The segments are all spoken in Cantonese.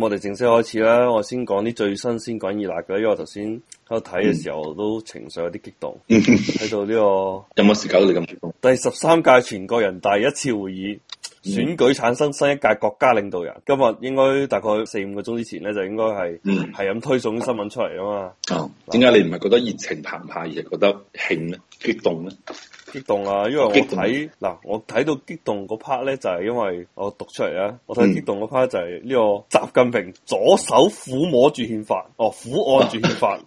我哋正式開始啦！我先講啲最新鮮、滾熱辣嘅，因為我頭先喺度睇嘅時候、嗯、都情緒有啲激動，睇 到呢、呢個有冇時間？你咁激動？第十三屆全國人大一次會議。嗯、選舉產生新一屆國家領導人，今日應該大概四五個鐘之前咧，就應該係係咁推送啲新聞出嚟啊嘛。點解、哦，你唔係覺得熱情澎湃，而係覺得興咧、激動咧？激動啊！因為我睇嗱、啊，我睇到激動嗰 part 咧，就係、是、因為我讀出嚟啊，我睇到激動嗰 part 就係呢個習近平左手撫摸住憲法，哦，撫按住憲法，啊啊、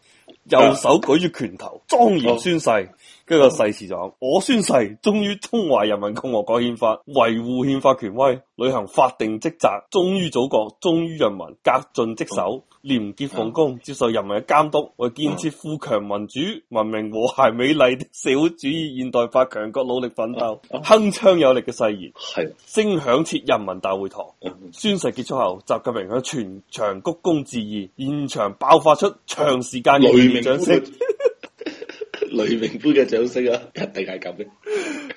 右手舉住拳頭，莊嚴宣誓。啊啊呢個誓詞就我宣誓，忠於中華人民共和國憲法，維護憲法權威，履行法定職責，忠於祖國，忠於人民，恪盡職守，廉潔奉公，接受人民嘅監督，為建設富強民主文明和諧美麗的社會主義現代化強國努力奮鬥。鏗鏘有力嘅誓言，係聲響徹人民大會堂。宣誓結束後，習近平向全場鞠躬致意，現場爆發出長時間嘅熱烈掌聲。雷鳴般嘅掌聲啊！一定係咁。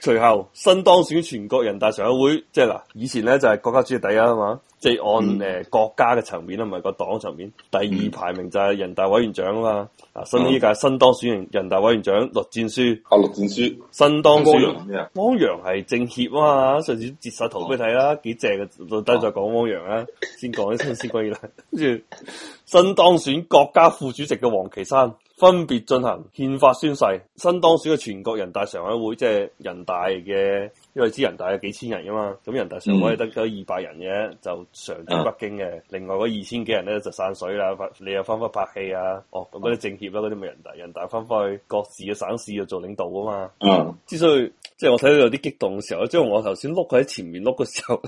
隨後新當選全國人大常委會，即係嗱，以前咧就係、是、國家主席第一啊嘛，即係按誒、嗯呃、國家嘅層面啦，唔係個黨層面。第二排名就係人大委員長啦。啊，新呢屆新當選人大委員長陸、嗯、戰書啊，陸戰書新當選汪洋，汪洋係政協啊嘛，上次截晒圖俾你睇啦，幾正嘅，留低再講汪洋啊。先講啲新鮮歸啦。跟住 新當選國家副主席嘅王岐山。分別進行憲法宣誓，新當選嘅全國人大常委會，即係人大嘅，因為知人大有幾千人噶嘛，咁人大常委會得咗二百人嘅，就常駐北京嘅，另外嗰二千幾人咧就散水啦，你又返返拍戲啊，哦咁嗰啲政協啦，嗰啲咪人大，人大返返去各市嘅省市就做領導噶嘛，嗯，之所以即係、就是、我睇到有啲激動嘅時候，即係我頭先碌佢喺前面碌嘅時候，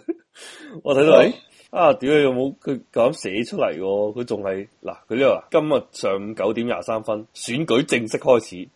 我睇到。嗯 啊！屌你、啊、有冇佢咁寫出嚟嘅？佢仲係，嗱，佢呢度啊，今日上午九點廿三分，選舉正式開始，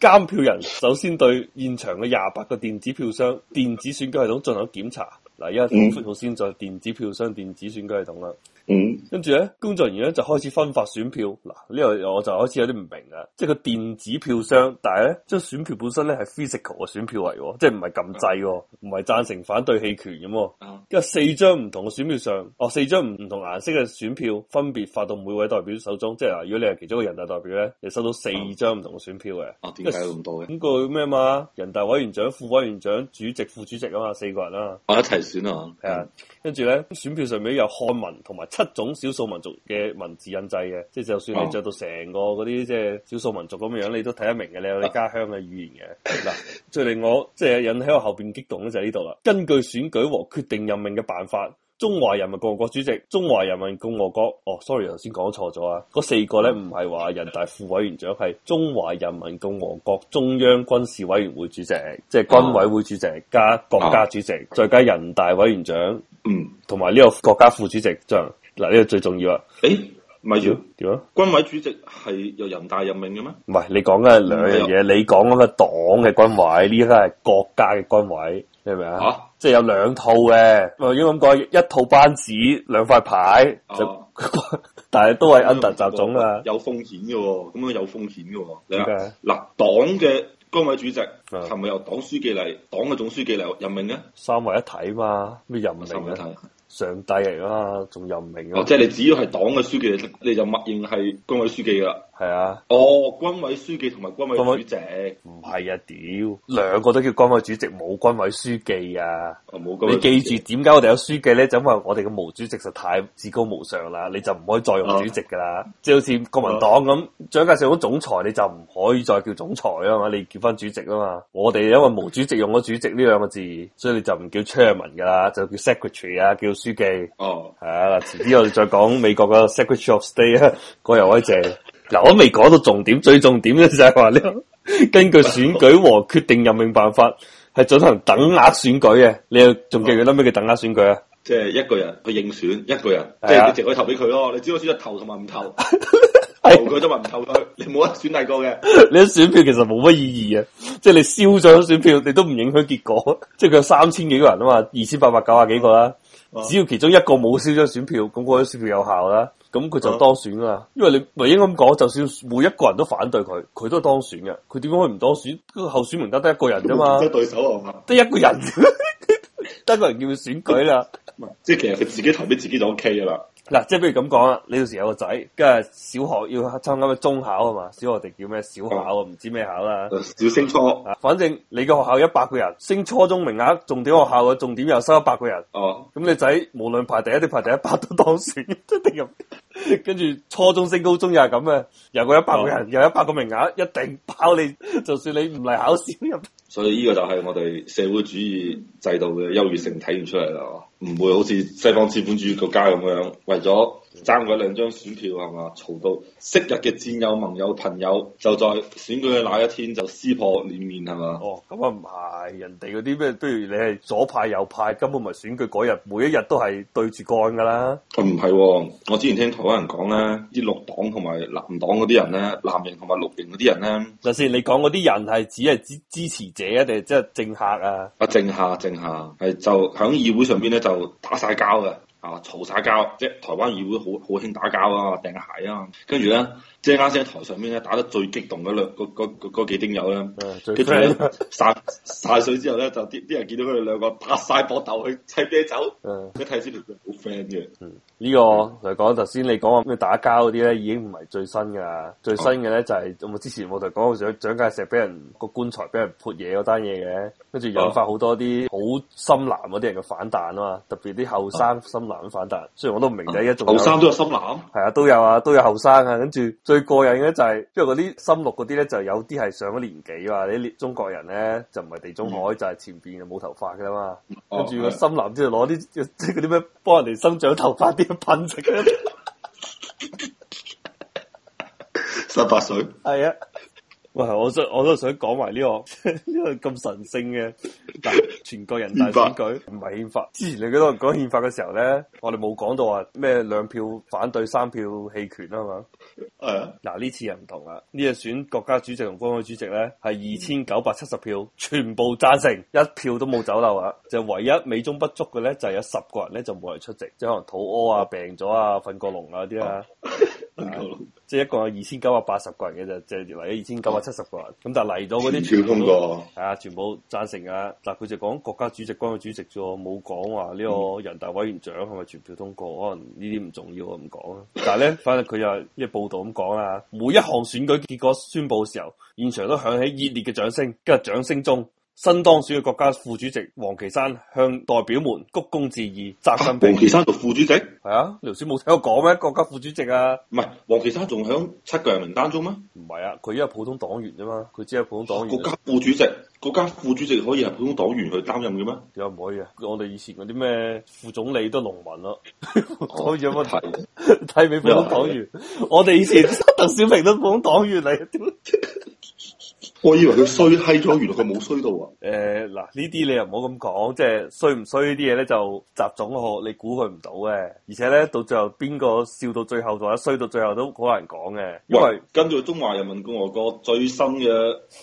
監 票人首先對現場嘅廿八個電子票箱、電子選舉系統進行檢查。嗱、啊，而家先先在再電子票箱、電子選舉系統啦。嗯，跟住咧，工作人員咧就開始分發選票。嗱，呢度我就開始有啲唔明啊，即係個電子票箱，但係咧將選票本身咧係 physical 嘅選票嚟，即係唔係撳掣，唔係贊成、反對、棄權咁。跟住四張唔同嘅選票上，哦，四張唔同顏色嘅選票，分別發到每位代表手中。即係如果你係其中嘅人大代表咧，你收到四張唔同嘅選票嘅。哦、嗯，點解咁多嘅？咁個咩嘛？人大委員長、副委員長、主席、副主席啊嘛，四個人啊嘛。我一齊選啊係啊。嗯嗯嗯跟住咧，選票上面有漢文同埋七種少數民族嘅文字印製嘅，即係就算你着到成個嗰啲即係少數民族咁樣，你都睇得明嘅。你有你家鄉嘅語言嘅嗱， 最令我即係引起我後邊激動咧就係呢度啦。根據選舉和決定任命嘅辦法，中華人民共和國主席，中華人民共和國，共和國哦，sorry 頭先講錯咗啊，嗰四個咧唔係話人大副委員長，係中華人民共和國中央軍事委員會主席，即係軍委會主席加國家主席，再加人大委員長。嗯，同埋呢個國家副主席，即係嗱呢個最重要啊！誒，咪住點啊？軍委主席係由人大任命嘅咩？唔係，你講緊係兩樣嘢，你講緊個黨嘅軍委，呢個係國家嘅軍委，明唔明啊？即係有兩套嘅，我而家咁講，一套班子，兩塊牌，但係都係 under 集中啊，有風險嘅，咁樣有風險嘅，你明？嗱，黨嘅。軍委主席係咪由黨書記嚟，黨嘅總書記嚟任命咧？三位一體嘛，咩任命咧？上帝嚟啦，仲任命嘅？哦，即係你只要係黨嘅書記，你就默認係軍委書記啦。係啊，哦，軍委書記同埋軍委主席，唔係啊屌，兩個都叫軍委主席，冇軍委書記啊。冇，你記住點解我哋有書記咧？就因為我哋嘅毛主席實在太至高無上啦，你就唔可以再用主席噶啦，即係好似國民黨咁蔣、哦、介石咁總裁，你就唔可以再叫總裁啊嘛，你叫翻主席啊嘛。我哋因為毛主席用咗主席呢兩個字，所以你就唔叫 Chairman 噶啦，就叫 Secretary 啊，叫書記。哦，係啊，遲啲我哋再講美國嘅 Secretary of State 啊，個人威謝。 嗱，我未講到重點，最重點咧就係話你根據選舉和決定任命辦法係進行等額選舉嘅，你又仲記唔記得咩叫等額選舉啊？即係一個人去應選，一個人是的 即係你淨可以投俾佢咯，你只可以選擇投同埋唔投， 是的 投佢啫嘛，唔投佢，你冇得選第二個嘅。你啲選票其實冇乜意義啊，即係你銷咗選票，你都唔影響結果，即係佢有三千幾個人啊嘛，二千八百九啊幾個啦，哦、只要其中一個冇銷咗選票，咁嗰啲選票有效啦。咁佢就當選啦，因為你唯應咁講，就算每一個人都反對佢，佢都當選嘅。佢點解可以唔當選？個候選名額得得一個人啫嘛，得對手得、啊、一個人，得 一個人叫佢選舉 啦。即係其實佢自己投俾自己就 O K 啦。嗱，即係不如咁講啦，你到時有個仔，跟啊小學要參加咩中考啊嘛，小學定叫咩小考啊？唔知咩考啦，小升初、 啊。反正你嘅學校一百個人升初中名額，重點學校嘅重點又收一百個人。哦， 咁你仔無論排第一定排第一百都當選，一定入。 跟住初中升高中又係咁嘅，有嗰一百個人，有一百個名額，一定包你， 就算你唔嚟考試 所以呢個就係我哋社會主義制度嘅優越性體現出嚟啦，唔會好似西方資本主義國家咁樣，為咗爭嗰兩張選票係嘛，嘈到昔日嘅戰友、盟友、朋友就在選舉嘅那一天就撕破臉面係嘛？哦，咁啊唔係，人哋嗰啲咩，不如你係左派右派，根本咪選舉嗰日每一日都係對住幹㗎啦。佢唔係，我之前聽台灣人講咧，啲綠黨同埋藍黨嗰啲人咧，藍營同埋綠營嗰啲人咧，就先你講嗰啲人係只係支支持者嘅定即係政客啊！啊，政客，政客，係就響議會上邊咧就打晒交嘅啊，嘈晒交，即係台灣議會好好興打交啊，掟鞋啊，跟住咧。即啱先喺台上面咧打得最激動嗰兩個幾丁友啦。跟住灑灑水之後咧，就啲啲人見到佢哋兩個打晒膊頭去踢啤酒，一睇先，好 friend 嘅。嗯，呢個嚟講，頭先你講話咩打交嗰啲咧，已經唔係最新噶，最新嘅咧就係我之前我就講蔣蔣介石俾人個棺材俾人潑嘢嗰單嘢嘅，跟住引發好多啲好深藍嗰啲人嘅反彈啊嘛，特別啲後生深藍反彈。雖然我都唔明點解仲後生都有深藍，係啊，都有啊，都有後生啊，跟住。最過癮嘅就係，即係嗰啲深綠嗰啲咧，就有啲係上咗年紀嘛，你中國人咧就唔係地中海，嗯、就係前邊冇頭髮噶啦嘛，哦、跟住個深藍即係攞啲即係嗰啲咩幫人哋生長頭髮啲品質嘅， 十八歲，係啊。 喂，我想我都想講埋呢個呢個咁神聖嘅，嗱，全國人大選舉，唔係憲法。之前你嗰度講憲法嘅時候咧，我哋冇講到話咩兩票反對、三票棄權啦嘛。係嗱，呢次又唔同啦。呢、呢個選國家主席同軍委主席咧，係二千九百七十票全部贊成，一票都冇走漏啊。就是、唯一美中不足嘅咧，就係、是、有十個人咧就冇嚟出席，即係可能肚屙啊、病咗啊、瞓過龍啊啲啊。嗯即係、嗯嗯、一共有二千九百八十個人嘅就即係嚟咗二千九百七十個人，咁、啊、但係嚟到嗰啲，全票通過，係啊，全部贊成啊！但佢就講國家主席關嘅主席啫，冇講話呢個人大委員長係咪全票通過？可能呢啲唔重要，我唔講啦。但係咧，反正佢又一報道咁講啦，每一項選舉結果宣布嘅時候，現場都響起熱烈嘅掌聲，跟住掌聲中。新當選嘅國家副主席王岐山向代表們鞠躬致意，摘心。王岐山做副主席係啊，你少冇聽我講咩？國家副主席啊，唔係王岐山仲響七個人名單中咩？唔係啊，佢依家普通黨員啫嘛，佢只係普通黨員、啊。國家副主席，國家副主席可以係普通黨員去擔任嘅咩？又唔可以啊？我哋以前嗰啲咩副總理都農民咯，以 有乜睇睇咩普通黨員？ 我哋以前鄧小平都普通黨員嚟啊？ 我以為佢衰閪咗，原來佢冇衰到啊！誒、呃，嗱，呢啲你又唔好咁講，即係衰唔衰呢啲嘢咧，就習總嘅你估佢唔到嘅。而且咧，到最後邊個笑到最後，或者衰到最後都好難講嘅。因為根據中華人民共和國最新嘅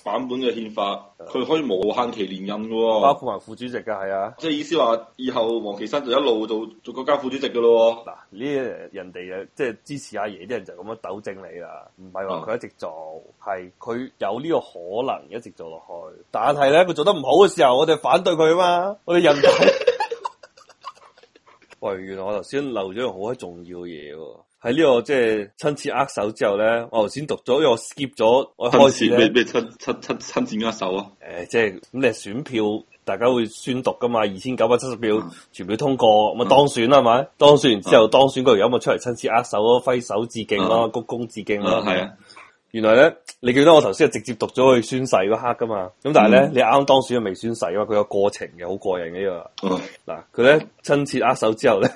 版本嘅憲法。佢可以無限期連任嘅，哦，包括埋副主席噶係啊！即係意思話，以後王岐山就一路做做國家副主席噶咯。哦。嗱，呢人哋嘅即係支持阿爺啲人就咁樣糾正你啦，唔係話佢一直做，係佢、啊、有呢個可能一直做落去。但係咧，佢做得唔好嘅時候，我哋反對佢啊嘛，我哋人哋。 喂，原來我頭先漏咗樣好重要嘅嘢喎！喺呢、這個即係親自握手之後咧，我頭先讀咗，因為我 skip 咗我開始咧。咩咩親親親親自握手啊？誒、欸，即係咁你選票，大家會宣讀噶嘛？二千九百七十票、嗯、全票通過，咁啊當選啦係咪？嗯、當選完之後、嗯、當選嗰條友咪出嚟親自握手咯，揮手致敬咯，嗯、鞠躬致敬咯，係啊、嗯。原來咧，你記得我頭先係直接讀咗去宣誓嗰刻噶嘛？咁但係咧，嗯、你啱當選又未宣誓啊嘛？佢、這、有、個、過程嘅，好過癮嘅呢個。嗱，佢咧親切握手之後咧，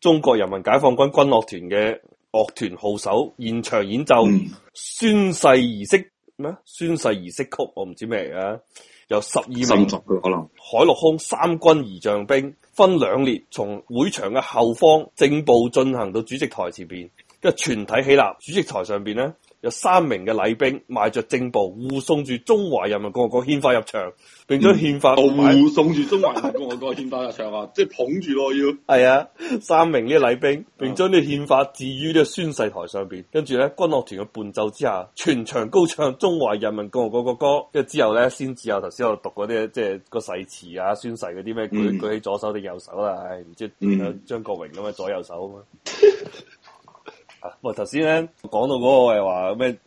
中國人民解放軍軍樂團嘅樂團號手現場演奏，嗯、宣誓儀式咩？宣誓儀式曲我唔知咩嚟嘅，有十二名，海陸空三軍儀仗兵分兩列，從會場嘅後方正步進行到主席台前邊，跟住全體起立，主席台上邊咧。有三名嘅禮兵，邁着正步護送住中華人民共和國憲法入場，並將憲法護送住中華人民共和國憲法入場啊！即係捧住咯，要係啊，三名呢禮兵，並將呢憲法置於呢宣誓台上邊，跟住咧軍樂團嘅伴奏之下，全場高唱中華人民共和國國歌歌。即係之後咧，先至有頭先我讀嗰啲，即係個誓詞啊，宣誓嗰啲咩舉、嗯、舉起左手定右手啦，唔知張、嗯、國榮咁啊，左右手啊嘛。 喂，頭先咧講到嗰個係話咩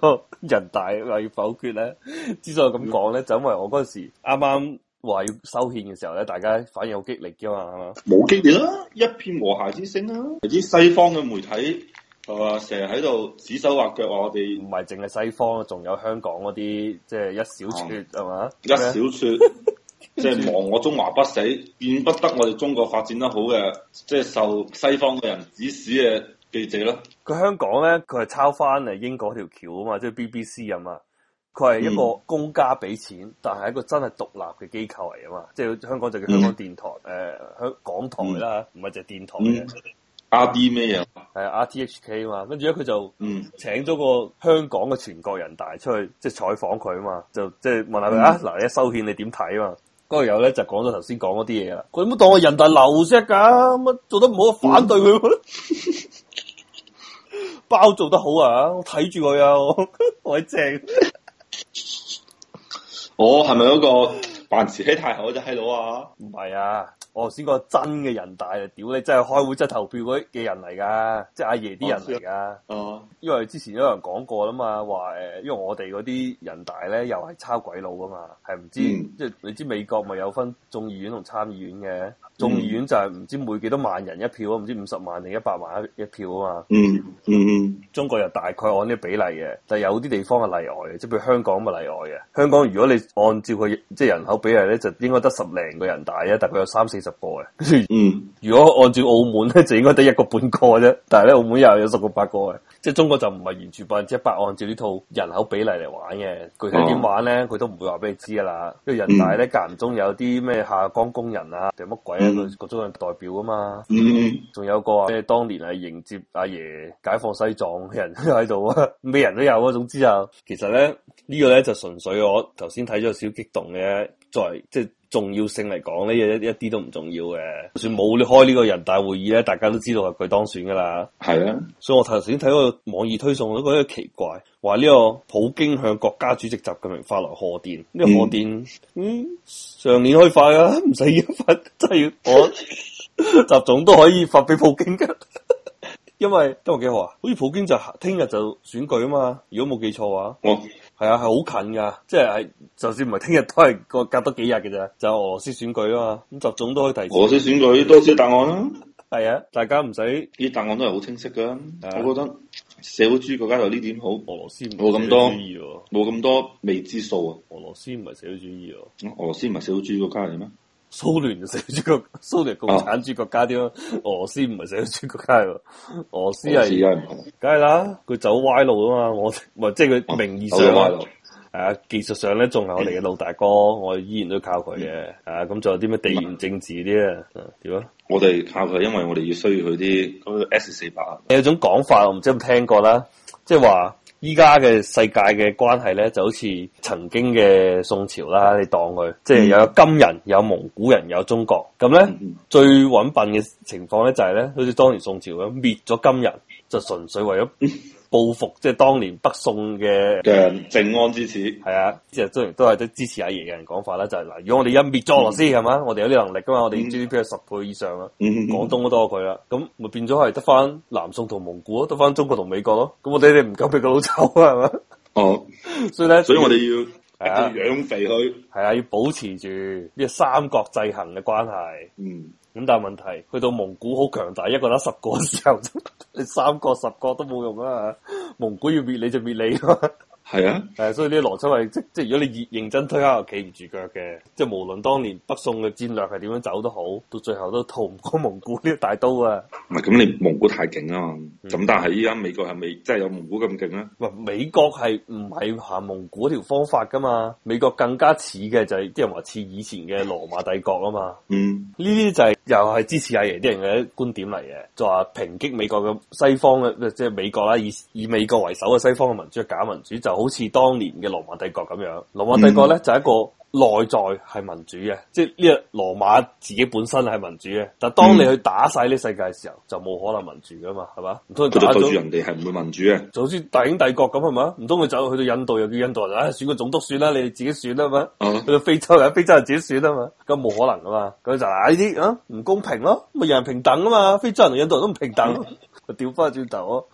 個人大話要否決咧，之所以咁講咧，就因為我嗰時啱啱話要修憲嘅時候咧，大家反應好激烈噶嘛，冇激烈啦，一片和諧之聲啊！啲西方嘅媒體係嘛，成日喺度指手畫腳話我哋唔係淨係西方，仲有香港嗰啲即係一小撮係嘛，嗯、吧一小撮即係亡我中華不死，變不得我哋中國發展得好嘅，即、就、係、是、受西方嘅人指使嘅。記者咯，佢香港咧，佢係抄翻嚟英國條橋啊嘛，即係 B B C 啊嘛，佢係一個公家俾錢，嗯、但係一個真係獨立嘅機構嚟啊嘛，即係香港就叫香港電台誒、嗯呃，港台啦，唔係就電台嘅。加啲咩嘢？係啊，啊麼，R T H K 啊嘛，跟住咧佢就請咗個香港嘅全國人大出去，即係採訪佢啊嘛，就即係、就是、問下佢、嗯、啊，嗱，你一收錢你點睇啊嘛？嗰個有咧就講咗頭先講嗰啲嘢啦，佢有冇當我人大流石噶？乜做得唔好，反對佢？ 包做得好啊！我睇住佢呀，我好正！我係咪嗰個扮慈禧太后嗰隻閪佬啊？唔係啊！我先個真嘅人大啊！屌你，真係開會即投票嘅人嚟噶，即阿爺啲人嚟噶。哦，因為之前有人講過啦嘛，話誒，因為我哋嗰啲人大咧，又係抄鬼佬噶嘛，係唔知、嗯、即你知美國咪有分眾議院同參議院嘅？嗯、眾議院就係唔知每幾多萬人一票咯，唔知五十萬定一百萬一一票啊嘛。嗯嗯、中國又大概按呢比例嘅，但有啲地方係例外嘅，即譬如香港咪例外嘅。香港如果你按照佢即人口比例咧，就應該得十零個人大啊，但佢有三四十個嘅。嗯、如果按照澳門咧，就應該得一個半個啫。但係咧，澳門又有十個八個嘅，即、就、係、是、中國就唔係完全百分之一百按照呢套人口比例嚟玩嘅。具體點玩咧，佢、嗯、都唔會話俾你知㗎喇。因為人大咧，間唔、嗯、中有啲咩下崗工人啊定乜鬼啊，佢、嗯、各種人代表啊嘛。仲、嗯嗯、有個啊，即係當年係迎接阿爺解放西藏嘅人都喺度啊，咩人都有啊。總之啊，其實咧呢、這個咧就純粹我頭先睇咗少激動嘅。作為即係重要性嚟講，呢嘢一啲都唔重要嘅。就算冇你開呢個人大會議咧，大家都知道係佢當選噶啦。係啊的，所以我頭先睇嗰個網易推送，我都覺得奇怪，話呢個普京向國家主席習近平發來賀電，呢、這個賀電，嗯、嗯，上年可以發噶，唔使而家發，真係要我習總都可以發俾普京噶， 因為都係幾好啊。好似普京就聽日就選舉啊嘛，如果冇記錯話，係啊、哦，係好近噶，即係。就算唔係聽日，都係個隔多幾日嘅啫。就俄羅斯選舉啊嘛，咁習總都可以提。俄羅斯選舉多少答案啦？係啊，大家唔使啲答案都係好清晰噶。我覺得社會主義國家就呢點好。俄羅斯冇咁多，冇咁多未知數啊。俄羅斯唔係社會主義喎。俄羅斯唔係社會主義國家嚟咩？蘇聯就社會主義，蘇聯共產主義國家啲咯。俄羅斯唔係社會主義國家喎。俄羅斯係而家唔係。梗係啦，佢走歪路啊嘛。我唔係即係佢名義上。啊！技術上咧，仲係我哋嘅老大哥，嗯、我依然都靠佢嘅。嗯、啊，咁仲有啲咩地緣政治啲、嗯、啊？點啊？我哋靠佢，因為我哋要需要佢啲。咁 S 四百，嗯。有種講法，我唔知有冇聽過啦。即係話，依家嘅世界嘅關係咧，就好似曾經嘅宋朝啦。你當佢，即、就、係、是、有金人，有蒙古人，有中國。咁咧，嗯嗯、最穩笨嘅情況咧，就係咧，好似當年宋朝咁，滅咗金人，就純粹為咗。 報復即係當年北宋嘅靖安之始。係啊，即係都都係都支持阿爺嘅人講法啦。就係、是、嗱，如果我哋一滅咗俄羅斯，係、嗯、嘛，我哋有啲能力噶嘛，我哋 GDP 係十倍以上啦，廣、嗯、東都多過佢啦，咁咪變咗係得翻南宋同蒙古咯，得翻中國同美國咯，咁我哋哋唔夠俾佢攞走啊，係嘛？哦，所以咧，所以我哋要要養肥佢，係啊，啊，要保持住呢個三國制衡嘅關係。嗯咁但係問題，去到蒙古好強大，一個得十個嘅時候，你三個十個都冇用啊！蒙古要滅你就滅你啊。係啊，誒、嗯，所以呢啲邏輯係即即，如果你越認真推敲，又企唔住腳嘅。即無論當年北宋嘅戰略係點樣走都好，到最後都逃唔過蒙古呢個大刀啊。唔係咁，你蒙古太勁啊嘛。咁、嗯、但係依家美國係咪，即有蒙古咁勁啊？喂，美國係唔係行蒙古條方法噶嘛？美國更加似嘅就係即係話似以前嘅羅馬帝國啊嘛。嗯，呢啲就係、是、又係支持阿爺啲人嘅觀點嚟嘅，就話抨擊美國嘅西方嘅即係美國啦，以以美國為首嘅西方嘅民主係假民主就好。好似當年嘅羅馬帝國咁樣，羅馬帝國咧就係一個內在係民主嘅，嗯、即係呢個羅馬自己本身係民主嘅。但係當你去打晒呢世界嘅時候，就冇可能民主噶嘛，係嘛？唔通打到人哋係唔會民主嘅？總之大英帝國咁係嘛？唔通佢走入去到印度又叫印度人啊、哎？選個總督算啦，你自己選啦嘛？嗯、去到非洲人，非洲人自己選啊嘛？咁冇可能噶嘛？咁就呢啲啊唔公平咯，咪人人平等啊嘛？非洲人同印度人都唔平等，啊，調翻轉頭。